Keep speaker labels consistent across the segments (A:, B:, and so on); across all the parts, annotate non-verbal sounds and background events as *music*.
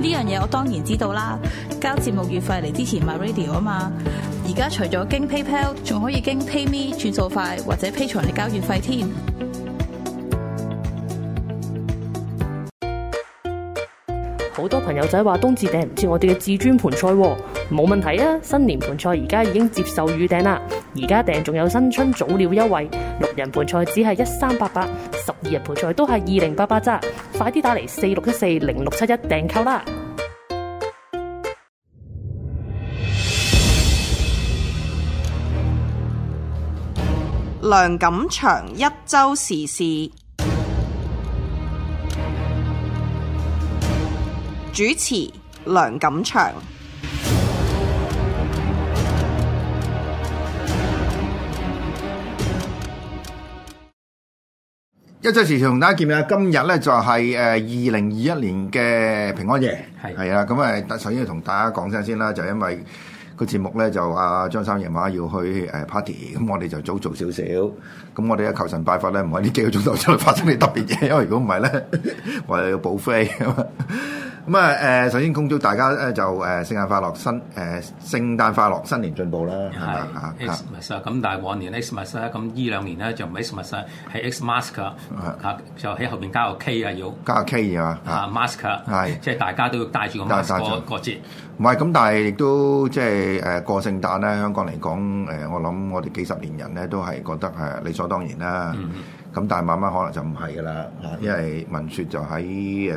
A: 呢樣嘢我當然知道啦，交節目月費嚟之前買 radio 啊嘛。而家除咗經 PayPal，仲可以經 PayMe 轉數快或者 Pay 財嚟交月費添。
B: 好多朋友仔話冬至訂唔似我哋嘅至尊盤菜喎，冇問題啊！新年盤菜而家已經接受預訂啦，而家訂仲有新春早料優惠，六人盤菜只係一三八八，十二日盤菜都係二零八八咋。快啲打嚟四六一四，零六七一訂購啦！
A: 梁錦祥，一周時事主持，梁錦祥。
B: 一週時事同大家見面啦，今日咧就係誒二零二一年嘅平安夜，係啊的，咁誒，首先要同大家講聲先啦，就因為個節目咧就阿張生夜晚要去誒 party，咁我哋就早做少少，咁我哋啊求神拜佛咧，唔喺呢幾個鐘頭出嚟發生啲特別嘢， *laughs* 因為如果唔係咧，我又要補飛。 *laughs* 咁啊誒，首先恭祝大家誒就誒聖誕快樂，新誒聖誕快樂，新年進步啦，係
A: 嘛咁，但係往年 Xmas 咧，咁呢兩年咧就唔係 Xmas 係 Xmask 就喺後邊加個 K 啊，要加個 K 而係 mask，即係大家都帶住咁 mask 過節
B: 唔係咁，但係亦都即係誒過聖誕咧，香港嚟講誒，我諗我哋幾十年人咧都係覺得係理所當然啦。咁但係慢慢可能就唔係㗎啦，因為文説就喺誒。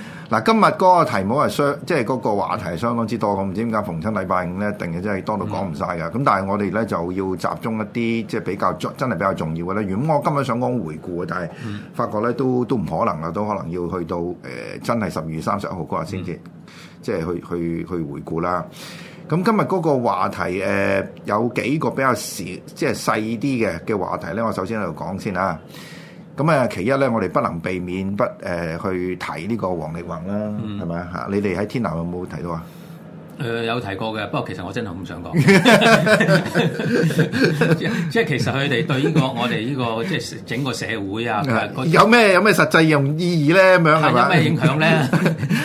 B: 嗱，今日嗰個題目係相，即係嗰個話題係相當之多，多，嗯、我唔知點解逢親禮拜五咧定係，真係多到講唔晒㗎。咁但係我哋咧就要集中一啲，即係比較真真係比較重要嘅咧。如果我今日想講回顧嘅，但係發覺咧都都唔可能啦，都可能要去到誒、呃、真係十二月三十一號嗰日先至，嗯、即係去去去回顧啦。咁今日嗰個話題、呃、有幾個比較小，即係細啲嘅嘅話題咧，我首先喺度講先啦。咁啊，其一咧，我哋不能避免不、誒、呃、去提呢個王力宏啦、啊，係咪吓？你哋喺天南有冇提到啊？
A: 誒有提過嘅，不過、呃、其實我真係唔想講。
B: 即係其實佢哋對
A: 呢個我哋呢個即係整個社會啊小、嗯，有
B: 咩有咩實際用意義咧？咁樣係有咩影響咧？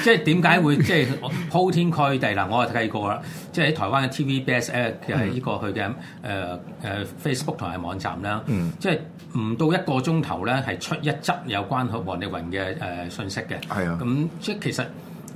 A: 即係點解會即係鋪天蓋地啦？我啊計過啦，即係喺台灣嘅 TVBS 誒，佢係呢個佢嘅誒誒 Facebook 同埋網站啦。即係唔到一個鐘頭咧，係出一則有關學王力宏嘅誒信息嘅。係啊、嗯，咁即係其實。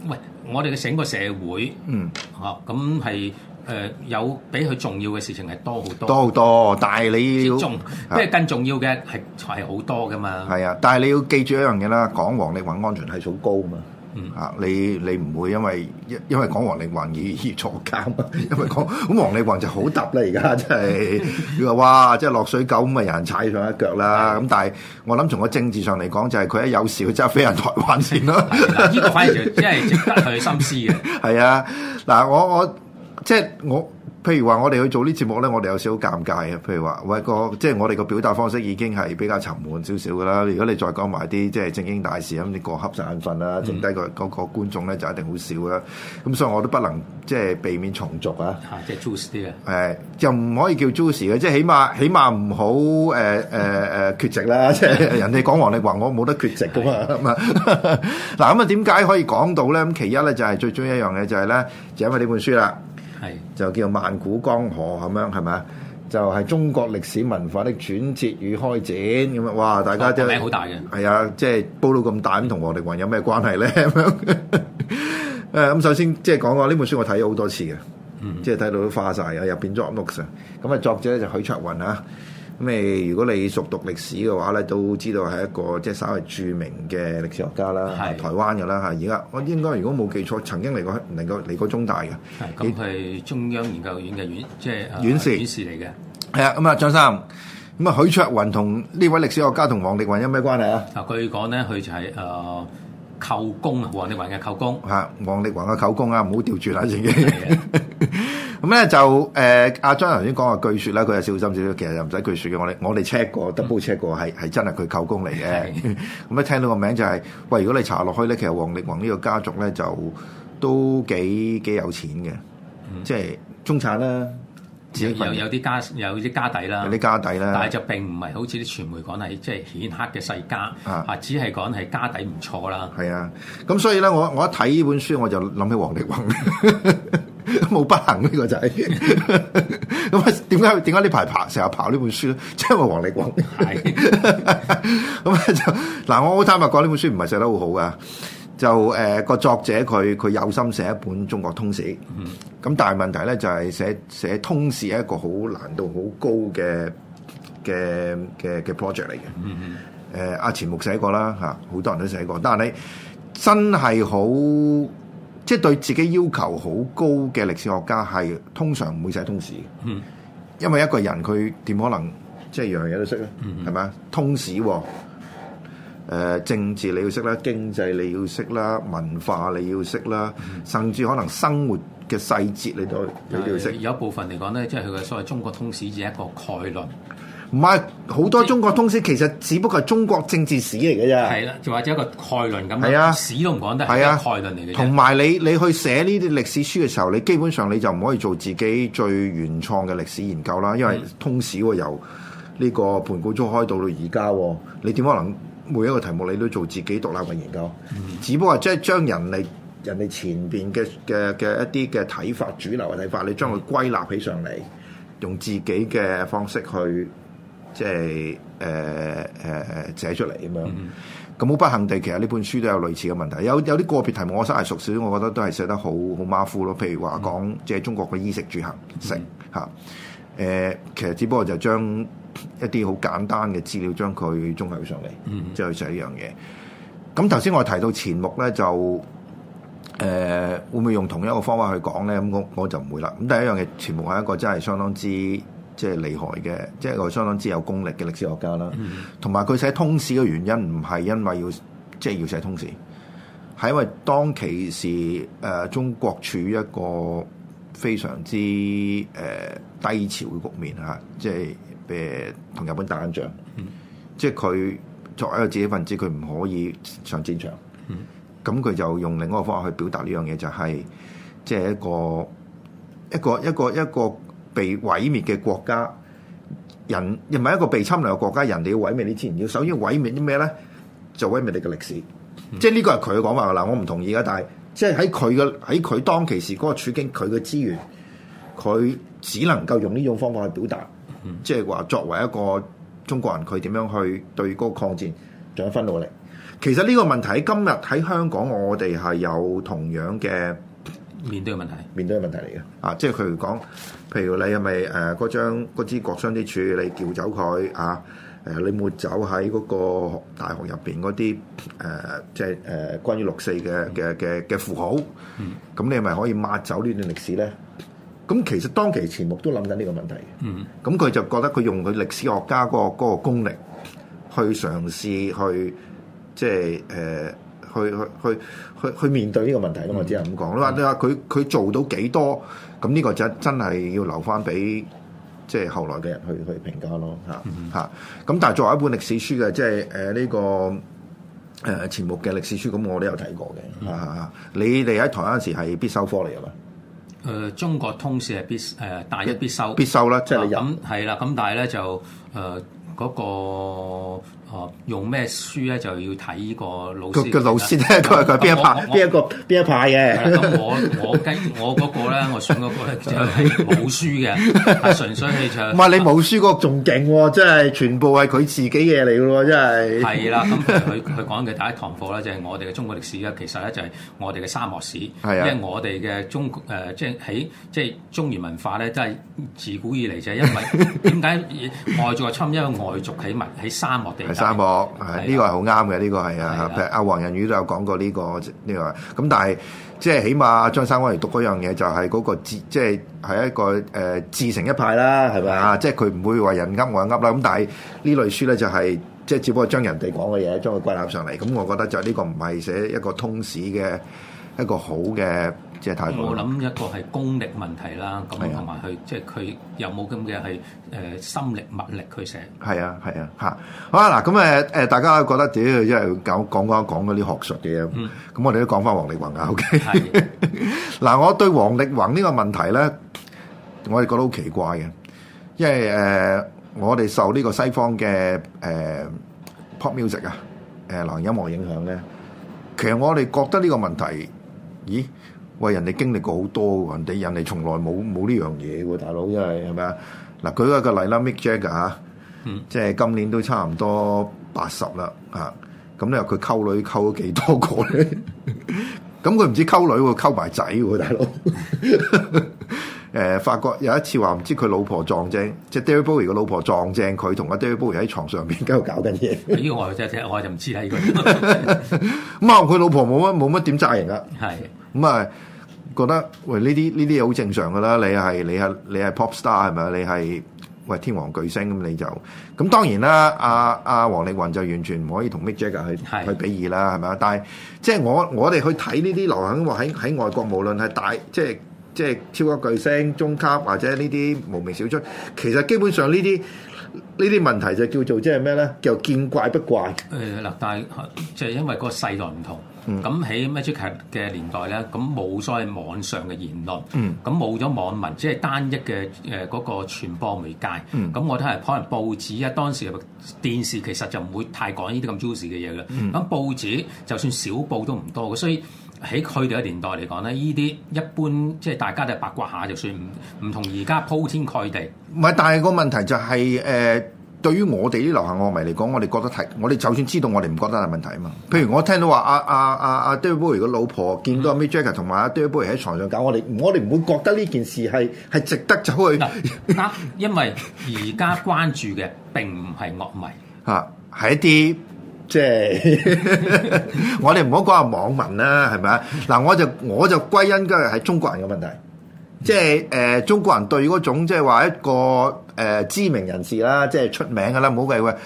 A: 喂，我哋嘅整個社會，嗯，嚇、啊，咁係誒有比佢重要嘅事情係多好多，多好
B: 多，但係你要，即係更、啊、更
A: 重要嘅係係好多噶嘛。係
B: 啊，但係你要記住一樣嘢啦，港黃你穩安全係好高啊嘛。嗯啊！你你唔會因為因因為講王力宏而而坐監啊？因為講咁王力宏就好揼啦！而家真係佢話哇，即係落水狗咁啊，有人踩上一腳啦！咁的但係我諗從個政治上嚟講，就係佢一有事，佢真係飛人台灣先咯。呢、呢個反而即係值得佢心思嘅。係啊！ *laughs* 嗱，我我即係我。譬如話，我哋去做呢節目咧，我哋有少少尷尬嘅。譬如話，哎那個、我個即係我哋個表達方式已經係比較沉悶少少嘅啦。如果你再講埋啲即係正經大事咁，你過瞌曬眼瞓啦，剩低個嗰個觀眾咧就一定好少啦。咁所以我都不能即係避免重複啊。即係 juice 啲啊。誒、呃，就唔可以叫 juice 嘅，即係起碼起碼唔好誒誒誒缺席啦。即係 *laughs* 人哋講話，你話我冇得缺席噶嘛。嗱咁 *laughs* *laughs* 啊，點解可以講到咧？咁其一咧就係最中一樣嘢，就係咧，就因為呢本書啦。係是就叫做萬古江河咁樣，係咪啊？就係、是、中國歷史文化的轉折與開展咁樣。哇！大家真係好大嘅。係啊、哎，即、就、係、是、煲到咁大，咁同王力宏有咩關係咧？咁樣誒，咁、嗯、首先即係講話呢本書我睇咗好多次嘅，嗯、即係睇到都化晒，啊，又變咗阿木上。咁啊，作者就許倬雲啊。咁誒，如果你熟讀歷史嘅話咧，都知道係一個即係稍為著名嘅歷史學家啦，是的 台灣嘅啦嚇。而家我應該如果冇記錯，曾經嚟過，能夠嚟過中大嘅。咁
A: 佢係中央研究院嘅院，即係院士。院
B: 士嚟嘅。係啊，咁啊，張生，咁啊，許倬雲同呢位歷史學家同王力宏有咩關係啊？
A: 啊，據講咧，佢就係誒舅公啊，王力宏嘅舅公
B: 嚇。王力宏嘅舅公啊，唔好掉住啦已經。的 *laughs* 咁咧就誒阿、呃、張頭先講話據説啦，佢係小心少少，其實又唔使據説嘅。我哋我哋 check 過，double check 過，係係真係佢舅公嚟嘅。咁一、嗯、 *laughs* 聽到個名就係、是，喂，如果你查落去咧，其實王力宏呢個家族咧就都幾幾有錢嘅，嗯、即係中產啦，有有
A: 啲家有啲家底啦，有啲家底啦。但係就並唔係好似啲傳媒講係即係顯赫嘅世家，嚇、啊、只係講係家底唔錯啦。
B: 係啊，咁所以咧，我我一睇呢本書我就諗起王力宏。 *laughs* 冇 *laughs* 不幸呢、這個就係咁啊？點解點解呢排刨成日刨呢本書咧？因為黃力宏。 *laughs* *laughs* *laughs* 係咁啊！就嗱，我好坦白講，呢本書唔係寫得好好噶。就誒，個作者佢佢有心寫一本中國通史，咁但係問題咧就係寫寫通史係一個好難度好高嘅嘅嘅嘅 project 嚟嘅。誒、 *laughs* 呃，阿錢穆寫過啦，吓好多人都寫過，但係你真係好。即係對自己要求好高嘅歷史學家係通常唔會寫通史，嗯、因為一個人佢點可能即係樣樣嘢都識咧，係咪啊？通史、哦，誒、呃、政治你要識啦，經濟你要識啦，文化你要識啦，嗯、甚至可能生活嘅細節你都、嗯、你都要識。
A: 有一部分嚟講咧，即係佢嘅所謂中國通史只係一個概論。
B: 唔係好多中國通史，其實只不過係中國政治史嚟嘅啫，係啦，
A: 就或者一個概論咁樣，的史都唔講得，係啊的概論嚟嘅。同
B: 埋你你去寫呢啲歷史書嘅時候，你基本上你就唔可以做自己最原創嘅歷史研究啦，因為通史由呢個盤古初開到到而家，你點可能每一個題目你都做自己獨立嘅研究？的只不過即係將人哋人哋前邊嘅嘅嘅一啲嘅睇法、主流嘅睇法，你將佢歸納起上嚟，的用自己嘅方式去。即係誒誒寫出嚟咁樣，咁好、mm hmm. 不幸地，其實呢本書都有類似嘅問題。有有啲個別題目我稍為熟少啲，我覺得都係寫得好好馬虎咯。譬如話講，即係、mm hmm. 中國嘅衣食住行食嚇誒、mm hmm. 啊，其實只不過就將一啲好簡單嘅資料將佢綜合上嚟，嗯、mm，再、hmm. 去寫呢樣嘢。咁頭先我提到前目咧，就誒、呃、會唔會用同一個方法去講咧？咁我我就唔會啦。咁第一樣嘢，全部係一個真係相當之。即係厲害嘅，即係一個相當之有功力嘅歷史學家啦。同埋佢寫通史嘅原因，唔係因為要即係要寫通史，係因為當其時誒中國處於一個非常之誒低潮嘅局面啊！即係誒同日本打緊仗。即係佢作為一個自己分子，佢唔可以上戰場。咁佢、嗯、就用另一個方法去表達呢樣嘢，就係即係一個一個一個一個。被毀滅嘅國家人，又唔係一個被侵略嘅國家，人哋要毀滅你之前，要首先要毀滅啲咩咧？就毀滅你嘅歷史，即係呢個係佢嘅講法啦。我唔同意啊，但係即係喺佢嘅喺佢當其時嗰個處境，佢嘅資源，佢只能夠用呢種方法去表達，即係話作為一個中國人，佢點樣去對嗰個抗戰做一番努力。其實呢個問題今日喺香港，我哋係有同樣嘅。面對嘅問題，面對嘅問題嚟嘅，啊，即係佢哋講，譬如你係咪誒嗰張嗰支國殤之柱，你撬走佢啊？誒，你抹走喺嗰個大學入邊嗰啲誒，即係誒、呃、關於六四嘅嘅嘅嘅符號，咁、嗯、你係咪可以抹走呢段歷史咧？咁其實當期全部都諗緊呢個問題，咁佢、嗯、就覺得佢用佢歷史學家嗰、嗰個嗰個功力去嘗試去即係誒。呃去去去去去面對呢個問題，咁我只係咁講啦。你話佢佢做到幾多？咁呢個就真係要留翻俾即係後來嘅人去去評價咯嚇嚇。咁、啊、但係作為一本歷史書嘅，即係誒呢個誒前目嘅歷史書，咁、這個呃、我都有睇過嘅。啊，你哋喺台灣時係必修科嚟㗎嘛？
A: 誒、呃，中國通史係必誒、呃、大一必修必，必
B: 修啦，即係咁
A: 係啦。咁、啊啊啊、但係咧就誒嗰、呃那個哦，用咩書咧就要睇呢個老師。個老師咧，佢係佢邊一派？邊一個
B: 邊一派嘅？咁我我跟我嗰個咧，我選嗰個就冇書
A: 嘅，純粹係唱。唔係你
B: 冇書嗰個仲勁喎，真係全部係佢自己嘢嚟嘅喎，真係。係啦，咁
A: 佢佢講嘅第一堂課咧，就係我哋嘅中國歷史咧，其實咧就係我哋嘅沙漠史，因為我哋嘅中國誒即係喺即係中原文化咧，真係自古以嚟就係因為點解外族入侵，因為外族起民喺沙漠地。沙
B: 漠係呢個係好啱嘅，呢個係啊，阿黃仁宇都有講過呢個呢個。咁、這個、但係即係起碼張三攞嚟讀嗰樣嘢，就係、是、嗰、那個自即係係一個誒自、呃、成一派啦，係咪啊？即係佢唔會話人啱我啱啦。咁但係呢類書咧就係即係只不過將人哋講嘅嘢將佢歸納上嚟。咁我覺得就係呢個唔係寫一個通史嘅一個好嘅。我諗一
A: 個係功力問題啦，咁同埋佢即係佢有冇咁嘅係誒心力、物力去寫？
B: 係啊，係啊，嚇！好啊，嗱咁誒誒，大家覺得自己，因為講講講講嗰啲學術嘅咁，咁我哋都講翻王力宏啊。OK，嗱，我對王力宏呢個問題咧，我哋覺得好奇怪嘅，因為誒我哋受呢個西方嘅誒 pop music 啊，誒流行音樂影響咧，其實我哋覺得呢個問題，咦？喂，人哋經歷過好多嘅，人哋人哋從來冇冇呢樣嘢嘅，大佬因為係咪啊？嗱，舉一個例啦，Mick Jagger 啊，即係今年都差唔多八十啦，啊，咁咧佢溝女溝咗幾多個咧？咁佢唔知溝女溝埋仔喎，大佬。誒、啊啊，發覺有一次話唔知佢老婆撞正，即係 David Bowie 個老婆撞正佢，同阿 David Bowie 喺床上邊喺度搞緊嘢。呢個
A: 我真係我就唔知啦。佢、這個。咁
B: *laughs* 啊，佢老婆冇乜冇乜點責人噶，係咁啊。覺得，喂呢啲呢啲好正常噶啦，你係你係你係 pop star 係咪啊？你係喂天王巨星，咁你就咁當然啦。阿阿王力宏就完全唔可以同 Mick Jagger 去去比擬啦，係咪啊？但係即係我我哋去睇呢啲流行喎，喺喺外國無論係大即係即係超級巨星、中級或者呢啲無名小卒，其實基本上呢啲呢啲問題就叫做即係咩咧？叫見怪不怪。
A: 誒嗱，但係就係因為個世代唔同。咁喺 Magic 咩出劇嘅年代咧，咁冇所謂網上嘅言論，咁冇咗網民，即係單一嘅誒嗰個傳播媒介，咁、嗯、我睇係可能報紙啊，當時電視其實就唔會太講呢啲咁 juicy 嘅嘢嘅，咁、嗯、報紙就算小報都唔多嘅，所以喺佢哋嘅年代嚟講咧，呢啲一般即係大家就八卦下就算，唔唔同而家鋪天蓋地。
B: 唔係，但係個問題就係、是、誒。呃對於我哋啲流行樂迷嚟講，我哋覺得提，我哋就算知道我哋唔覺得係問題啊嘛。譬如我聽到話阿 d 阿阿阿 Dave Bowie 嘅老婆見到阿 m Mick Jagger 同埋阿 Dave Bowie 喺床上搞我哋，我哋唔會覺得呢件事係係值得走去 *laughs* 。
A: 因為而家關注嘅並唔係樂
B: 迷啊，係 *laughs* *laughs* 一啲即係我哋唔好講下網民啦，係咪啊？嗱，我就我就歸因於係中國人嘅問題，即係誒中國人對嗰種即係話一個。誒、呃、知名人士啦，即係出名嘅啦，唔好計喎。誒、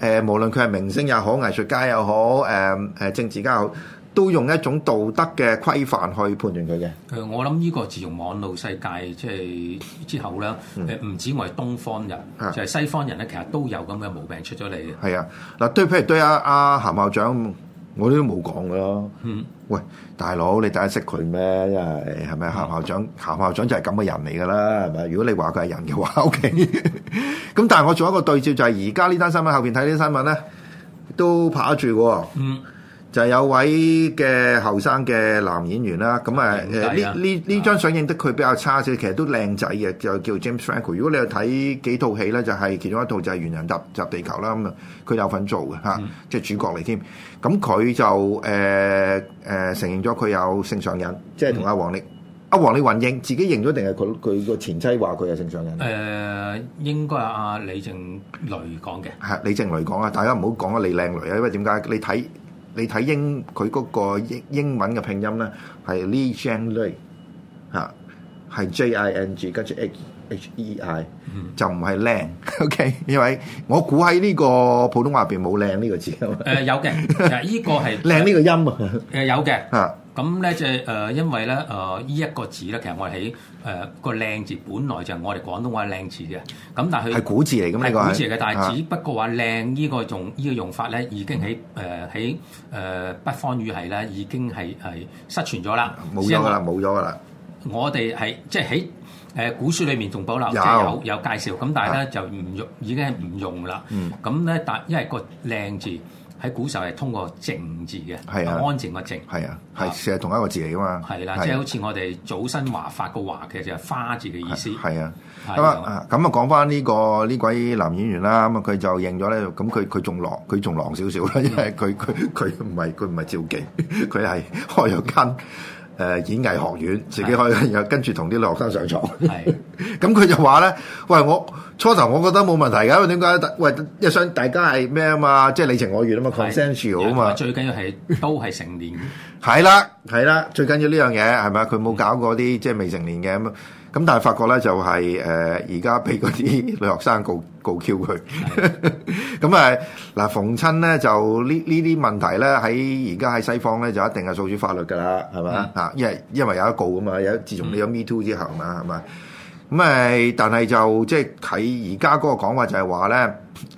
B: 呃，無論佢係明星又好，藝術家又好，誒、呃、誒政治家又好，都用一種道德嘅規範去判斷佢嘅。誒、
A: 呃，我諗呢個自從網絡世界即係之後咧，誒唔、嗯、止我係東方人，就係、是、西方人咧，其實都有咁嘅毛病出咗嚟
B: 嘅。係、嗯、啊，嗱對，譬如對阿阿鹹校長。我哋都冇講咯，嗯、喂，大佬你第一識佢咩？即係係咪鹹校長？鹹校長就係咁嘅人嚟噶啦，係咪？如果你話佢係人嘅話，O K。咁、okay、 *laughs* 但係我做一個對照，就係而家呢單新聞後邊睇呢啲新聞咧，都拍得住嘅。嗯就有位嘅後生嘅男演員啦，咁啊，誒呢呢呢張相影得佢比較差啲，其實都靚仔嘅，就叫 James Franco。如果你有睇幾套戲咧，就係、是、其中一套就係、是《猿人踏踏地球》啦，咁、嗯、啊，佢有份做嘅嚇，即、啊、係、就是、主角嚟添。咁佢就誒誒承認咗佢有性上癮，即係同阿王力、阿王力宏認自己認咗，定係佢佢個前妻話佢有性上癮？
A: 誒、呃，應該係阿李靜蕾講嘅，係、嗯、
B: 李靜蕾講啊！大家唔好講阿李靚蕾啊，因為點解你睇？你睇英佢嗰個英英文嘅拼音咧，係 Lee Jang Lee 嚇，係 J I N G 跟住 H H E I，就唔係靚，OK？因為我估喺呢個普通話入邊冇靚呢個字嘅。誒有嘅，其實依個係靚呢個音啊。誒有嘅啊。
A: 咁咧就誒、呃，因為咧誒呢一個字咧，其實我哋喺誒個靚字，本來就係我哋廣東話靚字嘅。咁但係係古字嚟㗎嘛？古字嚟嘅，但係只不過話靚呢、呢個用呢、呢個用法咧、嗯呃呃，已經喺誒喺誒北方語系咧，已經係係失傳咗啦，冇咗啦，冇咗㗎啦。我哋係即係喺誒古書裏面仲保留即係有有，有介紹，咁但係咧、嗯、就唔用，已經係唔用啦。咁咧、嗯，但因為個靚字。喺古時候係通過靜字嘅。係啊，安靜個靜，係啊，係
B: 成日同一個字嚟噶嘛。係啦，即係好似
A: 我哋早生華髮個華，其實就係花字
B: 嘅意思。係啊，
A: 咁啊
B: 咁啊，講翻呢個呢位男演員啦，咁啊佢就認咗咧，咁佢佢仲狼，佢仲狼少少啦，因為佢佢佢唔係佢唔係趙記，佢係開咗間誒演藝學院，自己開跟住同啲女學生上床。咁佢就話咧，喂，我初頭我覺得冇問題嘅，因為點解，喂，一想大家係咩啊嘛，即係你情我願啊嘛 consensual 啊嘛。是 ens
A: 最緊要係 *laughs* 都係成年。
B: 係啦，係啦，最緊要呢樣嘢係咪啊？佢冇搞過啲即係未成年嘅，咁，咁但係發覺咧就係、是、誒，而家俾嗰啲女學生告告 Q 佢。咁啊，嗱是的， *laughs* *laughs* 逢、呃、親咧就呢呢啲問題咧喺而家喺西方咧就一定係訴諸法律㗎啦，係咪？啊？因為因為有一個告啊嘛，有自從你有 Me Too 之後係嘛係嘛。咁誒，但係就即係睇而家嗰個講法就係話咧，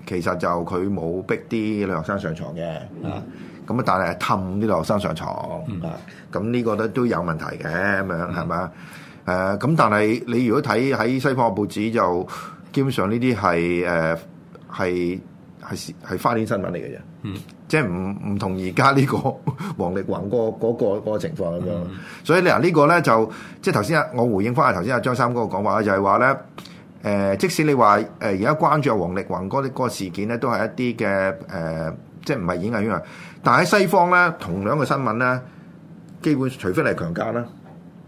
B: 其實就佢冇逼啲女學生上床嘅，啊、嗯，咁啊，但係氹啲女學生上床，啊、嗯，咁呢個都都有問題嘅，咁樣係嘛？誒、嗯，咁、啊、但係你如果睇喺西方嘅報紙就，就基本上呢啲係誒係係係花邊新聞嚟嘅啫。嗯、即係唔唔同而家呢個王力宏、嗰個嗰、嗰個情況咁樣，嗯、所以你話呢個咧就即係頭先我回應翻阿頭先阿張三嗰個講話咧，就係話咧誒，即使你話誒而家關注阿王力宏嗰啲嗰個事件咧，都係一啲嘅誒，即係唔係演藝圈，但喺西方咧同樣嘅新聞咧，基本除非係強姦啦，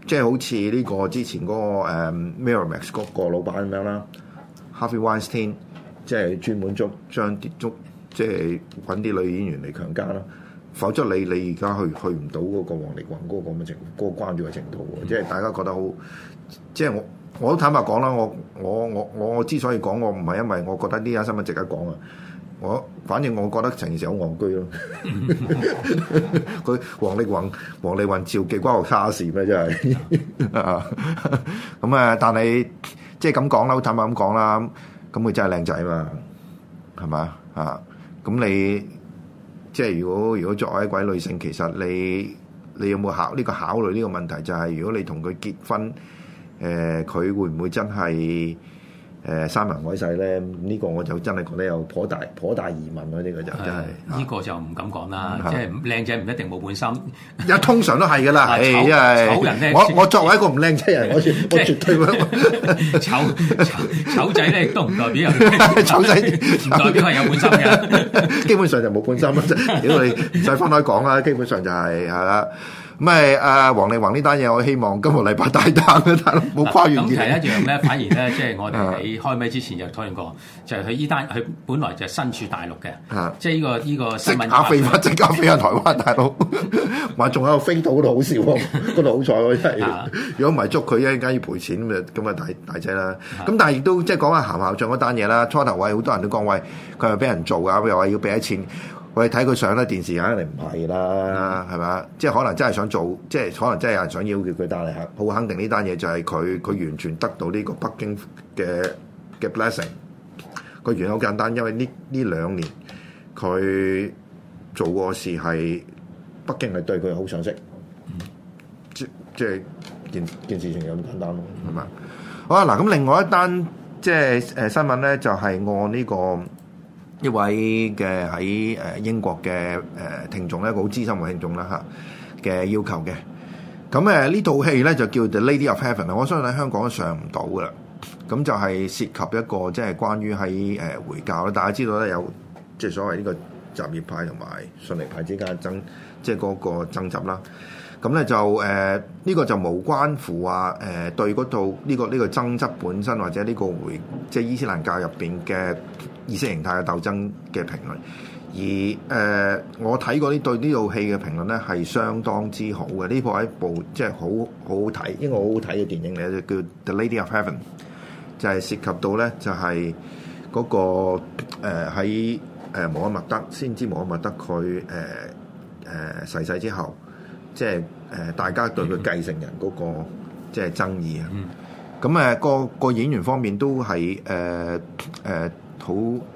B: 即係好似呢個之前嗰、嗰個、嗯、Miramax 嗰個老闆咁樣啦，嗯、Harvey Weinstein 即係專門捉將啲足。即係揾啲女演員嚟強姦咯，否則你你而家去去唔到嗰個王力宏嗰個咁嘅、嗰個情，嗰個關注嘅程度，即係大家覺得好，即係我我都坦白講啦，我我我我我之所以講，我唔係因為我覺得呢單新聞值得講啊，我反正我覺得成件事好戇居咯。佢 *laughs* *laughs* 王力宏王力宏召妓關我叉事咩？真係咁啊，但係即係咁講啦，好坦白咁講啦，咁佢真係靚仔嘛，係嘛啊？咁你即係如果如果作為一位女性，其實你你有冇考呢、這個考慮呢個問題？就係、是、如果你同佢結婚，誒、呃、佢會唔會真係？誒山盟海誓咧，呢個我就真係覺得有頗大頗大疑問，呢個就真係
A: 呢個就唔敢講啦。即係靚仔唔一定冇本心，
B: 有通常都係噶啦。醜人咧，我我作為一個唔靚仔人，我絕對醜醜仔咧都唔代表係醜仔，唔代表係有本心嘅。基本上就冇本心，如果你再分開講啦，基本上就係係啦。咁咪誒王力宏呢單嘢，我希望今個禮拜大單啦，冇跨越。嘅、啊。係一樣咧，
A: 反而咧，即係我哋喺開咪之前就討論過，就係佢依單，佢本來就身處
B: 大陸嘅，啊、即係呢、
A: 這個依、這個食鴨肥翻，即刻飛向
B: 台灣 *laughs* 大佬，話仲喺度飛到嗰度好笑，嗰度好彩喎，真係、啊。如果唔係捉佢，一陣間要賠錢，咁啊咁啊大大劑啦。咁但係亦都即係講下鹹豪將嗰單嘢啦，初頭位好多人都講話，佢係俾人做噶，又話要俾啲錢。我哋睇佢上咧電視，肯定唔係啦，係嘛、嗯？即係可能真係想做，即係可能真係人想要叫佢帶嚟肯，好肯定呢單嘢就係佢，佢完全得到呢個北京嘅嘅 blessing。個原因好簡單，因為呢呢兩年佢做個事係北京係對佢好賞識，嗯、即即係件件事情咁簡單咯，係嘛？好啊，嗱咁另外一單即係誒、呃、新聞咧，就係按呢個。一位嘅喺誒英國嘅誒聽眾咧，一個好資深嘅聽眾啦嚇嘅要求嘅，咁誒呢套戲咧就叫做 The Lady of Heaven 我相信喺香港都上唔到噶啦，咁就係涉及一個即係關於喺誒回教咧，大家知道咧有即係所謂呢個什葉派同埋遜尼派之間爭，即係嗰個爭執啦。咁咧就誒呢、呃這個就無關乎話誒、呃、對度呢、這個呢、這個爭執本身或者呢個回即係伊斯蘭教入邊嘅意識形態嘅鬥爭嘅評論。而誒、呃、我睇過呢對呢套戲嘅評論咧係相當之好嘅。呢部係一部即係好好睇，一個好好睇嘅電影嚟嘅，叫《The Lady of Heaven》，就係涉及到咧就係、是、嗰、那個喺誒摩罕默德先知摩罕默德佢誒誒逝世之後，即係。誒，大家對佢繼承人嗰個即係爭議啊！咁誒、嗯，那個個演員方面都係誒誒，好、呃呃、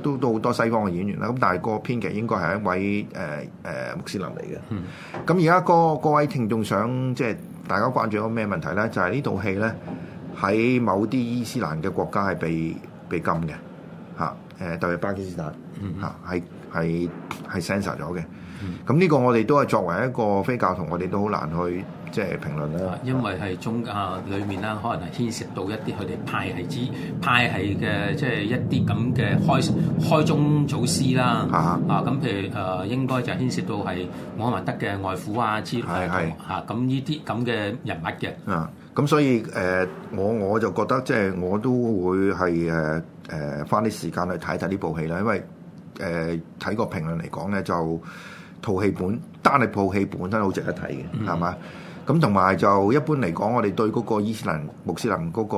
B: 都都好多西方嘅演員啦。咁但係個編劇應該係一位誒誒、呃呃、穆斯林嚟嘅。咁而家個各位聽眾想即係大家關注一個咩問題咧？就係、是、呢套戲咧喺某啲伊斯蘭嘅國家係被被禁嘅嚇誒，特別巴基斯坦嚇，係係係 censor 咗嘅。咁呢、嗯、個我哋都係作為一個非教徒，我哋都好難去即係、就是、評論啦、啊。
A: 因為係宗教裏面啦，可能係牽涉到一啲佢哋派係之派系嘅，即、就、係、是、一啲咁嘅開開宗祖師啦。啊，咁、啊、譬如誒、呃，應該就牽涉到係安民德嘅外父啊之類嘅嚇。咁呢啲咁嘅人物嘅。
B: 啊，咁所以誒、呃，我我就覺得即係我都會係誒誒，花啲時間去睇睇呢部戲啦。因為誒睇個評論嚟講咧，就套戲本單嚟套戲本身好值得睇嘅，係嘛、嗯？咁同埋就一般嚟講，我哋對嗰個伊斯蘭穆斯林嗰、嗰個、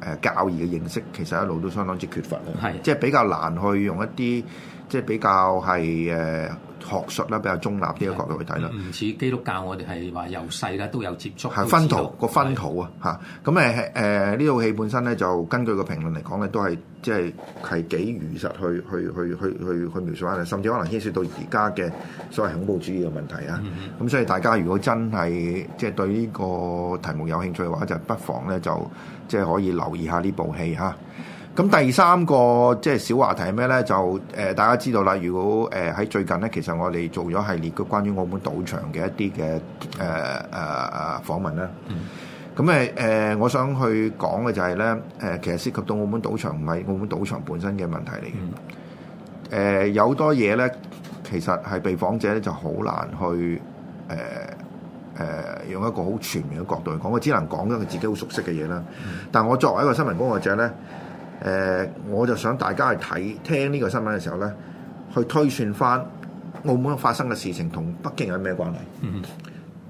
B: 呃、教義嘅認識，其實一路都相當之缺乏嘅，即係是的 比較難去用一啲即係比較係誒。呃學術啦，比較中立呢個角度去睇啦，唔
A: 似基督教我哋係話由細咧都有接觸，係分圖
B: 個分圖是啊，嚇咁誒誒呢套戲本身咧，就根據個評論嚟講咧都係即係係幾如實去去去去去去描述下，甚至可能牽涉到而家嘅所謂恐怖主義嘅問題、mm hmm. 啊，咁所以大家如果真係即係對呢個題目有興趣嘅話，就不妨咧就即係、就是、可以留意下呢部戲啊。咁第三個即係小話題係咩咧？就誒、呃、大家知道啦。如果誒喺、呃、最近咧，其實我哋做咗系列嘅關於澳門賭場嘅一啲嘅誒誒誒訪問啦。咁誒誒，我想去講嘅就係、是、咧，誒、呃、其實涉及到澳門賭場唔係澳門賭場本身嘅問題嚟嘅。誒、嗯呃、有多嘢咧，其實係被訪者咧就好難去誒誒、呃呃、用一個好全面嘅角度嚟講，我只能講咗佢自己好熟悉嘅嘢啦。但我作為一個新聞工作者咧。誒、呃，我就想大家去睇聽呢個新聞嘅時候咧，去推算翻澳門發生嘅事情同北京有咩關係？嗯哼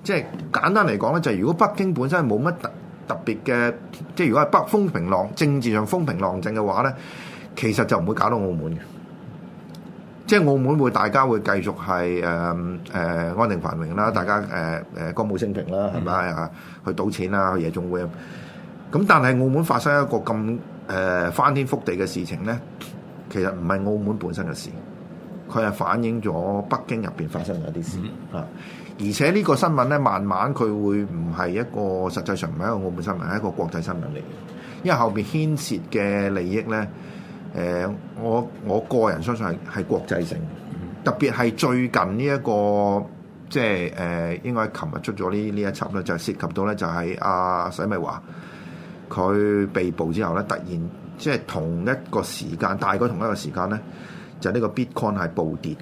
B: 即係簡單嚟講咧，就係、如果北京本身係冇乜特特別嘅，即係如果係北風平浪，政治上風平浪靜嘅話咧，其實就唔會搞到澳門嘅。即係澳門會大家會繼續係誒誒安定繁榮啦，大家誒誒、呃、歌舞升平啦，係咪啊？嗯、哼去賭錢啦，去夜總會咁。但係澳門發生一個咁～誒、呃、翻天覆地嘅事情咧，其實唔係澳門本身嘅事，佢係反映咗北京入邊發生嘅一啲事啊！嗯、哼而且呢個新聞咧，慢慢佢會唔係一個實際上唔係一個澳門新聞，係一個國際新聞嚟嘅，嗯、哼因為後邊牽涉嘅利益咧，誒、呃、我我個人相信係係國際性，嗯、哼特別係最近呢、這、一個即係誒，應該琴日出咗呢呢一輯咧，就是、涉及到咧就係阿、啊、洗米華。佢被捕之後咧，突然即係同一個時間，大概同一個時間咧，就呢個 Bitcoin 係暴跌。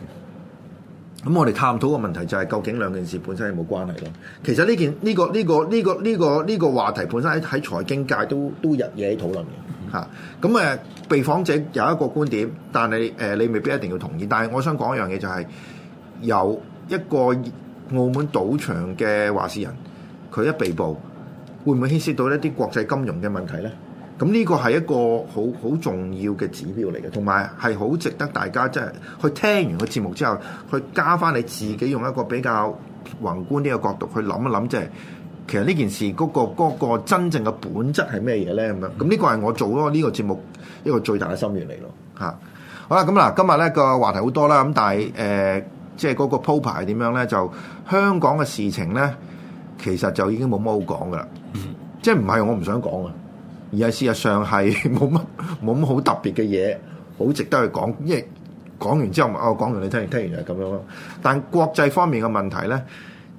B: 咁我哋探討個問題就係，究竟兩件事本身有冇關係咧？其實呢件呢個呢個呢個呢個呢個話題本身喺喺財經界都都日夜喺討論嘅嚇。咁誒，嗯，啊，被訪者有一個觀點，但係誒你，你未必一定要同意。但係我想講一樣嘢就係，有一個澳門賭場嘅話事人，佢一被捕。會唔會牽涉到一啲國際金融嘅問題咧？咁呢個係一個好好重要嘅指標嚟嘅，同埋係好值得大家即係、就是、去聽完個節目之後，去加翻你自己用一個比較宏觀啲嘅角度去諗一諗，即、就、係、是、其實呢件事嗰、那個那個真正嘅本質係咩嘢咧？咁樣咁呢個係我做呢呢、這個節目一個最大嘅心願嚟咯。嚇、 *music* 嗯！好啦，咁、嗯、嗱，今日咧、這個話題好多啦，咁但係誒、呃，即係嗰個鋪排係點樣咧？就香港嘅事情咧。其實就已經冇乜好講噶啦，即係唔係我唔想講啊，而係事實上係冇乜冇乜好特別嘅嘢，好值得去講。因為講完之後，我、哦、講完你聽完，聽完就係咁樣咯。但國際方面嘅問題咧，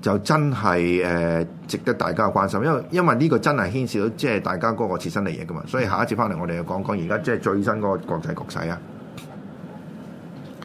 B: 就真係誒、呃、值得大家嘅關心，因為因為呢個真係牽涉到即係大家嗰個切身利益噶嘛，所以下一次翻嚟我哋就講講而家即係最新嗰個國際局勢啊。